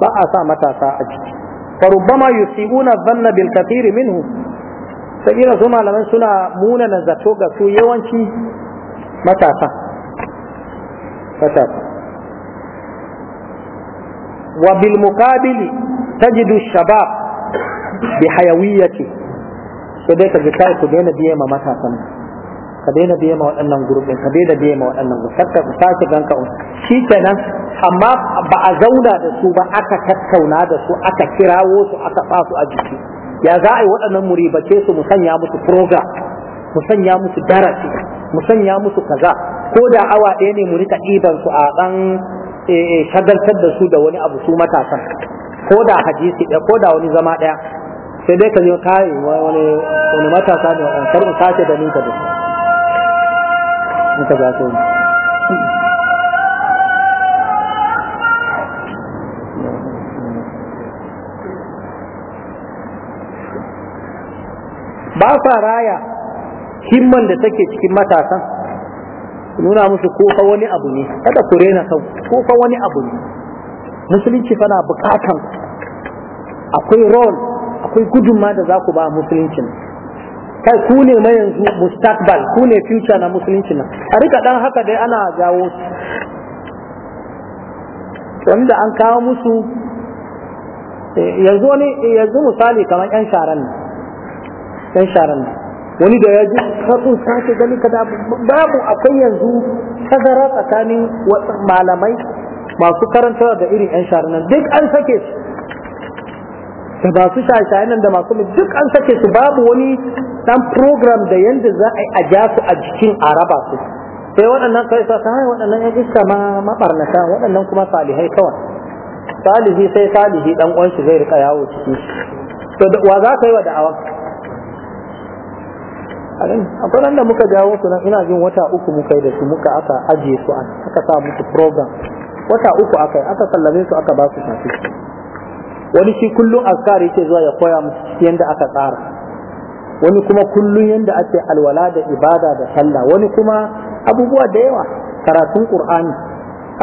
ba a sa matasa a ciki farubbama yusiuna dhanna bil kathiri minhu sai ina su malaman suna muna zato ga su yawanci matasa matasa وبالمقابل تجد الشباب بحيويته sai ka ji kai ku daina biye ma matasan ka daina biye ma waɗannan gurbin ka daina biye ma waɗannan gurbin ka sake ganka shi kenan amma ba a zauna da su ba aka tattauna da su aka kirawo su aka sa su a jiki ya za a yi waɗannan muribace su mu sanya musu program mu sanya musu darasi mu sanya musu kaza ko da awa ɗaya ne mu rika ɗiban su a ɗan Eh, eh, shagaltar da su da wani abu su matasan ko da hadisi ɗaya ko da wani zama ɗaya sai dai ka yi kai wani wani matasa ne an karɓi sace da ninka da ninka ga su ba sa raya himman da take cikin matasan nuna musu kofa wani abu ne kada ku rena sau kofa wani abu ne musulunci fana bukatan akwai role akwai gudunma da za ku ba musuluncin kai ku ne mai yanzu mustaqbal ku ne future na musulunci na a rika dan haka dai ana jawo wanda an kawo musu eh, yanzu wani eh, yanzu misali kamar yan sharan nan yan sharan nan wani da ya ji katsun sake gani ka babu akwai yanzu tazara tsakanin malamai masu karantar da irin 'yan shari'a nan duk an sake su da ba su shaye nan da masu duk an sake su babu wani dan program da yanda za a yi a ja su a jikin araba su sai waɗannan kai sa ta hanyar waɗannan 'yan iska ma mabarnata waɗannan kuma salihai kawai salihi sai salihi dan uwan shi zai rika yawo ciki to wa za ka yi wa da'awa akwai nan da muka jawo su nan ina jin wata uku muka yi da su muka aka ajiye su aka sa musu program wata uku aka yi, aka sallame su aka ba su tafi wani shi kullum Askar yake zuwa ya koya musu yanda aka tsara wani kuma kullum yanda ake alwala da ibada da sallah wani kuma abubuwa da yawa karatun qur'ani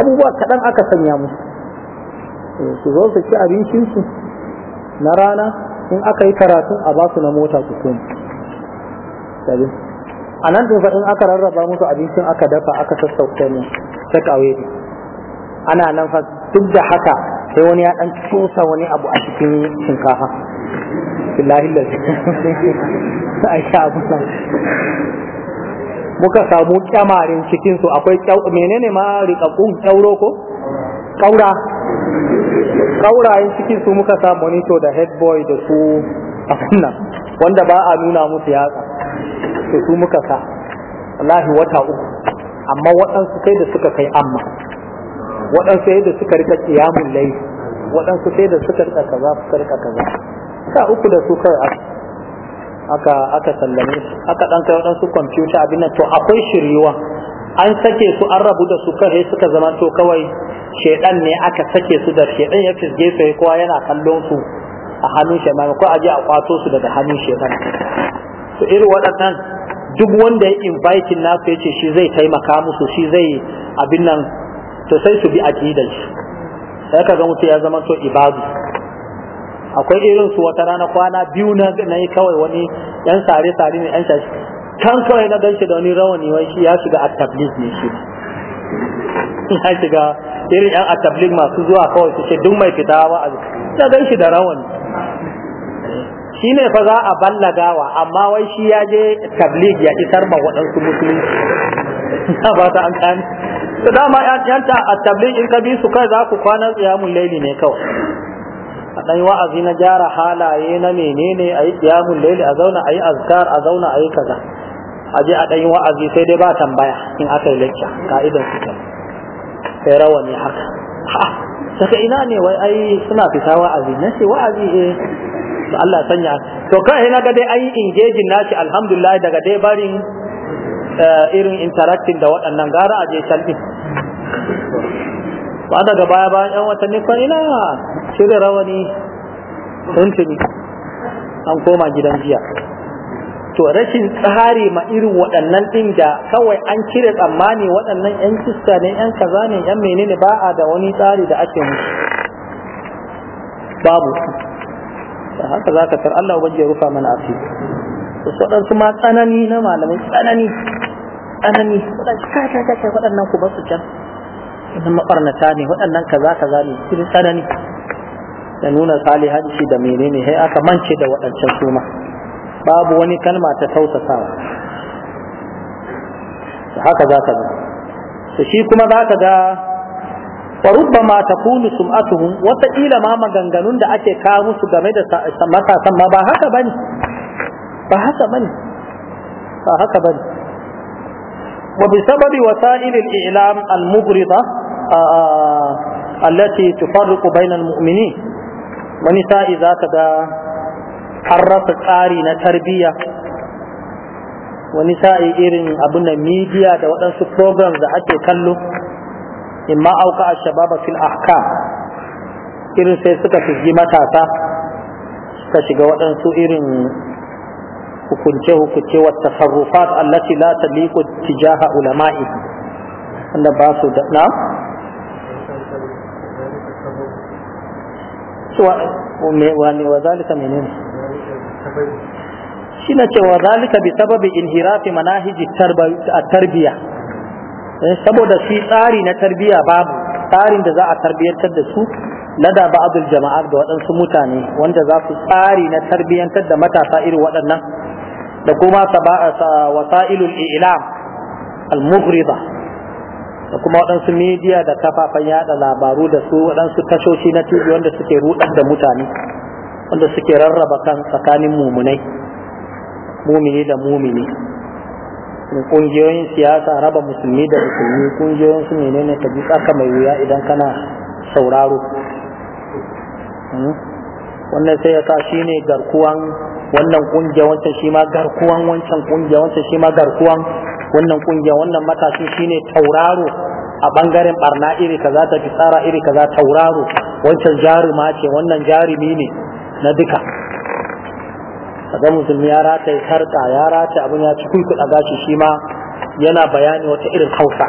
abubuwa kaɗan aka sanya musu eh, su zo su ci abincinsu na rana in aka yi karatun a ba su na mota su koma sabi a nan tufa in aka rarraba musu abincin aka dafa aka sassauta ne take away ana nan fa duk da haka sai wani ya dan tsosa wani abu a cikin shinkafa billahi lalle a sha muka samu kyamarin cikin su akwai menene ma riƙaƙun kyauro ko kaura kaurayen cikin su muka samu wani to da head boy da su a wanda ba a nuna musu yatsa sai su muka sa wallahi wata uku amma waɗansu sai da suka kai amma waɗansu sai da suka rika kiyamun lai waɗansu sai da suka rika kaza suka rika kaza ka uku da su kai aka aka sallame aka dan kai waɗansu kwamfuta abin nan to akwai shiryuwa an sake su an rabu da su kai suka zama to kawai shedan ne aka sake su da shedan ya fisge su kowa yana kallon su a hannun shedan ko aje a kwato su daga hannun shedan to irin waɗannan duk wanda ya invite na ya ce shi zai taimaka musu shi zai abin nan to sai su bi aqidar shi sai ka ga mutu ya zama to ibadu akwai irin su wata rana kwana biyu na nayi kawai wani yan sare sare ne yan shi. kan kawai na ganshi da wani rawani wai shi ya shiga a tabligh ne shi ya shiga irin yan a tabligh masu zuwa kawai su ce duk mai fita wa a ganshi da rawani shi ne fa za a ballagawa amma wai shi ya je tablig ya isar ma waɗansu musulunci na ba ta an kani da dama yanta a tablig in ka bi su kai za ku kwana tsiyamun laili ne kawai a ɗan yi wa'azi na gyara halaye na menene a yi tsiyamun laili a zauna a yi azkar a zauna a yi kaza a je a ɗan yi wa'azi sai dai ba tambaya in aka yi lecture ka'idan su sai rawani haka daga ina ne wai ai suna fita wa'azi na ce wa'azi eh Allah ya sanya to kai na ga dai an yi engaging nashi alhamdulillah daga dai barin eh, irin interacting da waɗannan gara a je shalbi ba daga baya bayan yan watanni fa ina shirya rawani tuntuni an koma gidan jiya to rashin tsari ma irin waɗannan ɗin da kawai an cire tsammani waɗannan ƴan kista ne ƴan kaza ne ƴan menene ba a da wani tsari da ake musu babu Da haka za ka tar Allah ubangiji ya rufa mana asiri waɗansu ma tsanani na malamai tsanani tsanani waɗansu kaka kaka waɗannan ku basu can waɗannan maɓarnata ne waɗannan ka kaza kaza ne cikin tsanani da nuna tsali, salihanci da menene sai aka mance da waɗancan suma babu wani kalma ta tausasawa haka za ka ga shi kuma za ka ga wa rubbama takunu sum'atuhum wata kila ma maganganun da ake kawo musu game da matasan ma ba haka bane ba haka bane ba haka bane wa bi sababi wasa'il al-i'lam al-mughrida allati tufarriqu bayna al-mu'minin wani sa'i zaka ga harrafa tsari na tarbiyya wani sa'i irin abin da media da waɗansu programs da ake kallo In ma auka a shababa fil ahkam irin sai suka fizgi matasa suka shiga waɗansu irin hukunce-hukunce wa tasarrufat allati la taliqu tijaha ulama'i wanda ba su da na wani wa zalika menene shi na ce wa zalika bi sababi inhirafi manahiji tarbiya Eh, saboda shi tsari na tarbiyya babu tsarin da za a tarbiyyantar da su na da ba'adul jama'ar da waɗansu mutane wanda za su tsari na tarbiyyantar da matasa irin waɗannan da kuma wasa'ilul ilam al-mughrida da kuma waɗansu media da kafafen yada labaru da su waɗansu tashoshi na TV wanda suke rudar da mutane wanda suke rarraba kan tsakanin mumunai mumini da mumini kungiyoyin siyasa raba musulmi da musulmi kungiyoyin su ne ka ji tsaka mai wuya idan kana sauraro hmm? wannan sai ya sa shi ne garkuwan wannan kungiya wancan shi ma garkuwan wancan kungiya wancan shi ma garkuwan wannan kungiya wannan matashin shi ne tauraro a bangaren barna iri kaza ta fi tsara iri kaza tauraro wancan jarumace wannan jarumi ne na duka kaga musulmi ya rata ya sarka ya rata abin ya ci kuku a gashi shi ma yana bayani wata irin hausa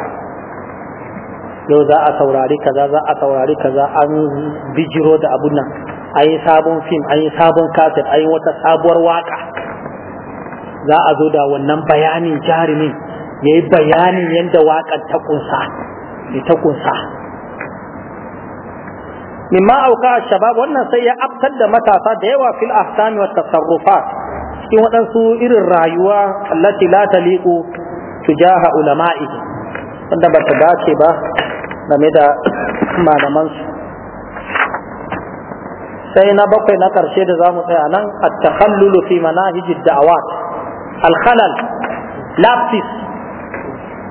yau za a saurari kaza za a saurari kaza an bijiro da abun nan an yi sabon fim an yi sabon kaset an yi wata sabuwar waka za a zo da wannan bayanin jarumin ya yi bayanin yadda kunsa ta kunsa mimma auka shabab wannan sai ya aftar da matasa da yawa fil ahkami wa tasarrufat cikin waɗansu irin rayuwa allati la tujaha ulama'i wanda bata dace ba game da malaman sai na bakwai na ƙarshe da za mu tsaya nan at-takhallulu fi manahij ad-da'awat al-khalal lapsis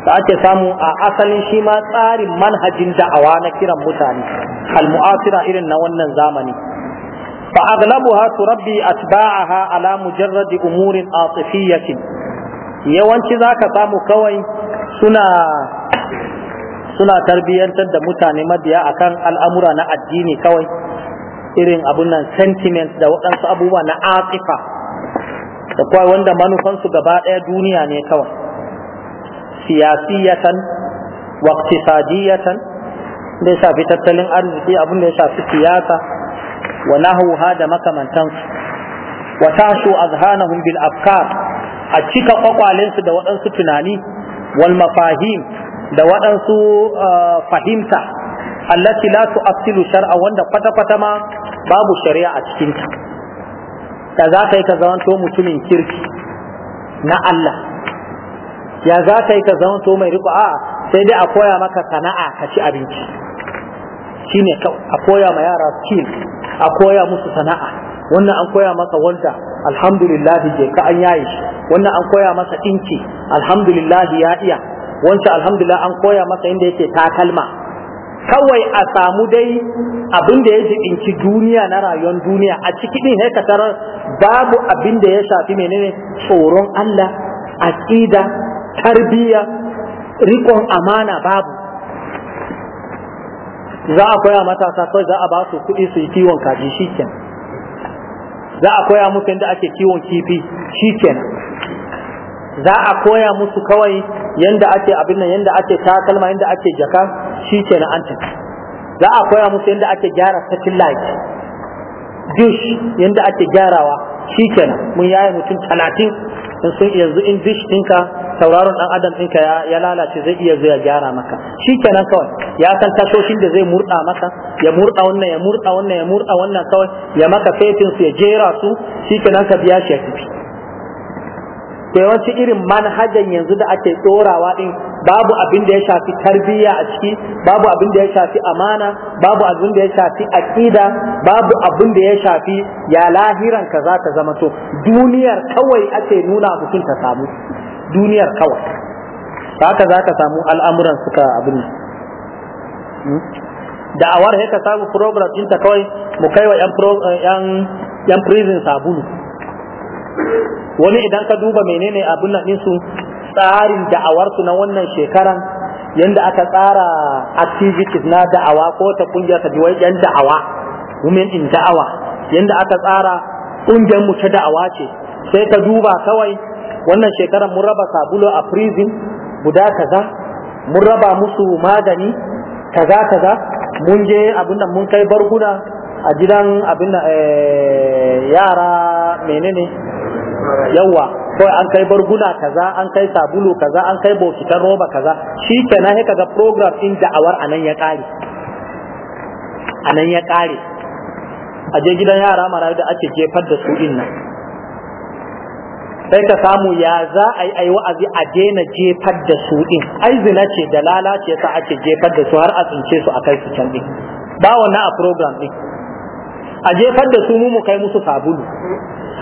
da ake samu a asalin shi ma tsarin manhajin da'awa na kiran mutane al-mu'asira irin na wannan zamani fa aglabuha turabbi atba'aha ala mujarrad umurin atifiyatin yawanci zaka samu kawai suna suna tarbiyyantar da mutane mabiya akan al'amura na addini kawai irin abun nan sentiment da waɗansu abubuwa na atifa da kawai wanda manufansu gaba ɗaya duniya ne kawai siyasiyatan wa iqtisadiyatan da ya shafi tattalin arziki abin da ya shafi siyasa wa nahawha da makamantansu wa tashu azhanahum bil afkar a cika kwakwalensu da waɗansu tunani wal mafahim da waɗansu uh, fahimta allati la tu'assilu shar'a wanda kwata-kwata ma babu shari'a a cikinta da za ka yi ka zamanto mutumin kirki na Allah ya za ka yi ka zama to mai riko a sai dai a koya maka sana'a ka ci abinci Shi ne a koya ma yara skill a koya musu sana'a wannan an koya masa wanda alhamdulillah je ka an yayi shi wannan an koya masa inci alhamdulillah ya iya wancan alhamdulillah an koya masa inda yake takalma kawai a samu dai abin da ya jibinci duniya na rayuwar duniya a ciki ɗin sai ka tarar babu abin da ya shafi menene tsoron Allah aqida tarbiyya rikon amana babu za a koya matasa kawai za a ba su kuɗi su yi kiwon kaji shi za a koya musu yadda ake kiwon kifi shi za a koya musu kawai yadda ake abin nan yadda ake takalma yadda ake jaka shi kenan an za a koya musu yadda ake gyara satellite dish yadda ake gyarawa shi kenan mun yayi mutum talatin in sun yanzu in dish ɗinka Sauraron dan adam ɗinka ya lalace zai iya zuwa gyara maka shi kawai ya san tasoshin da zai murda maka ya murda wannan ya murda wannan ya murda wannan kawai ya maka fetin su ya jera su shi ka biya shi ya tafi yawanci irin manhajan yanzu da ake tsorawa din babu abin da ya shafi tarbiyya a ciki babu abin da ya shafi amana babu abin da ya shafi aqida babu abin da ya shafi ya lahiran ka za ta zama to duniyar kawai ake nuna mutum ta samu duniyar kawai haka za ka samu al'amuran suka abin hmm? da'awar ka samu program ɗinta kawai mu kai wa 'yan prison sabulu wani idan ka duba menene abin nan ɗinsu tsarin da'awarsu na wannan shekaran yadda aka tsara activities na da'awa ko ta kungiyar ta wai yan da'awa women in da'awa yadda aka tsara kungiyar mu ta da'awa ce sai ka duba kawai wannan shekarar mun raba sabulu a prison guda kaza mun raba musu magani kaza kaza mun je abin da mun kai barguna a gidan abin eh, yara menene yawa kawai an kai barguna kaza an kai sabulu kaza an kai bokitan roba kaza shi kenan haka ga program din da'awar anan ya kare anan ya kare a je gidan yara marayu da ake jefar da su din sai ka samu ya za a yi yi wa'azi a daina jefar da su in aizina ce da lalace sa ake jefar da su har a tsince su a kai su can din ba wannan a program din a jefar da su mu mu kai musu sabulu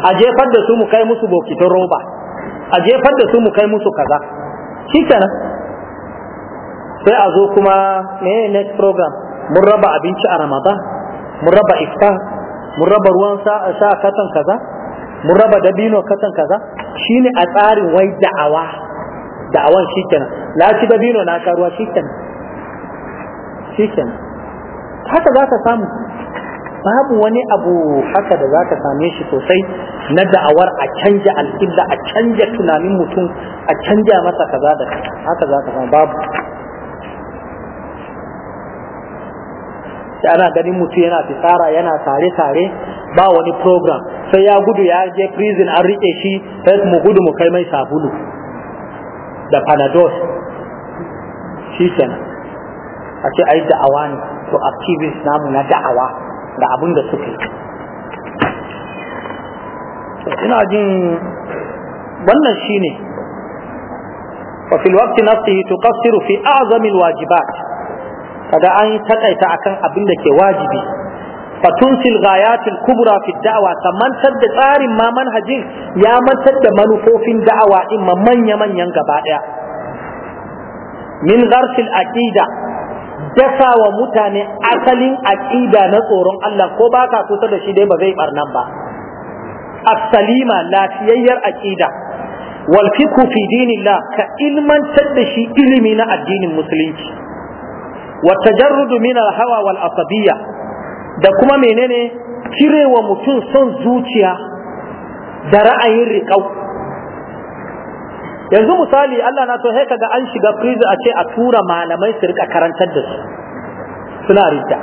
a jefar da su mu kai musu bokitin roba a jefar da su mu kai musu kaza shi kenan sai a zo kuma me next program mun raba abinci a ramadan mun raba iftar mun raba ruwan sa katan kaza mun raba dabino katan kaza shine a tsarin wai da'awa da'awan shikenan na ci dabino na sha ruwa shikenan shikenan haka za ka samu babu wani abu haka da za ka same shi sosai na da'awar a canja alƙibla a canja tunanin mutum a canja masa kaza da haka za ka samu babu sai ana ganin mutu yana fitsara yana sare-sare ba wani program sai ya gudu ya je prison an rike shi sai mu gudu mu kai mai sabulu da panadol shi kenan a ce ai da'awa ne to activist namu na da'awa da abin da suke ina jin wannan shine na الوقت نفسه تقصر fi أعظم الواجبات kaga an takaita akan abin da ke wajibi fatunsil ghayatil kubra fi da'wa da tsarin ma manhajin ya mantar da manufofin da'awa din ma manya manyan gaba daya min gharsil aqida dasa wa mutane asalin aqida na tsoron Allah ko baka kusa da shi dai ba zai barnan ba as-salima lafiyayyar aqida wal fiqhu fi dinillah ka ilmantar da shi ilimi na addinin musulunci wa tajarrudu min al-hawa wal asabiyya da kuma menene cirewa mutum son zuciya da ra'ayin riƙau yanzu misali Allah na so sai kaga an shiga prison a ce a tura malamai su rika karantar da su suna rita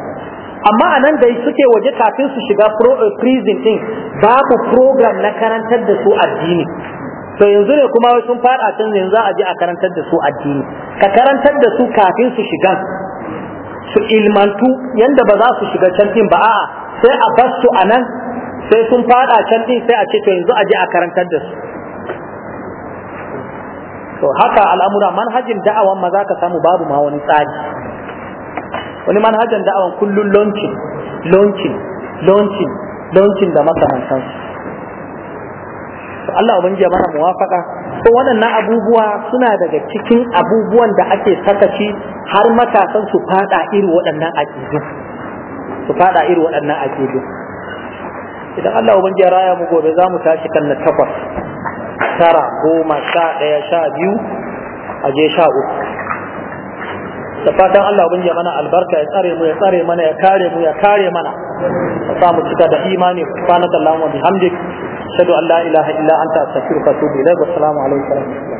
amma a nan da suke waje kafin su shiga eh, prison din babu program na karantar da su addini to yanzu ne kuma sun fara can yanzu za a je a karantar da su addini ka karantar da su kafin su shiga su ilmantu yadda ba za su shiga can ɗin ba a'a sai a bar a nan sai sun fada can ɗin sai a ce to yanzu a je a karantar da su to haka al'amura manhajin da'awan ma za ka samu babu ma wani tsari wani manhajin da'awan kullum launching launching launching launching da makamantansu to Allah ubangiji ya bana muwafaka to waɗannan abubuwa suna daga cikin abubuwan da ake sakaci har matasan su fada irin waɗannan aƙidu su fada irin waɗannan aƙidu idan Allah ubangiji ya raya mu gobe za mu tashi kan na takwas tara goma sha ɗaya sha biyu a je sha uku da fatan Allah ubin ya mana albarka ya tsare mu ya tsare mana ya kare mu ya kare mana ya sa mu cika da imani subhanakallahumma bihamdik ashhadu an la ilaha illa anta astaghfiruka wa atubu ilaik wa assalamu alaikum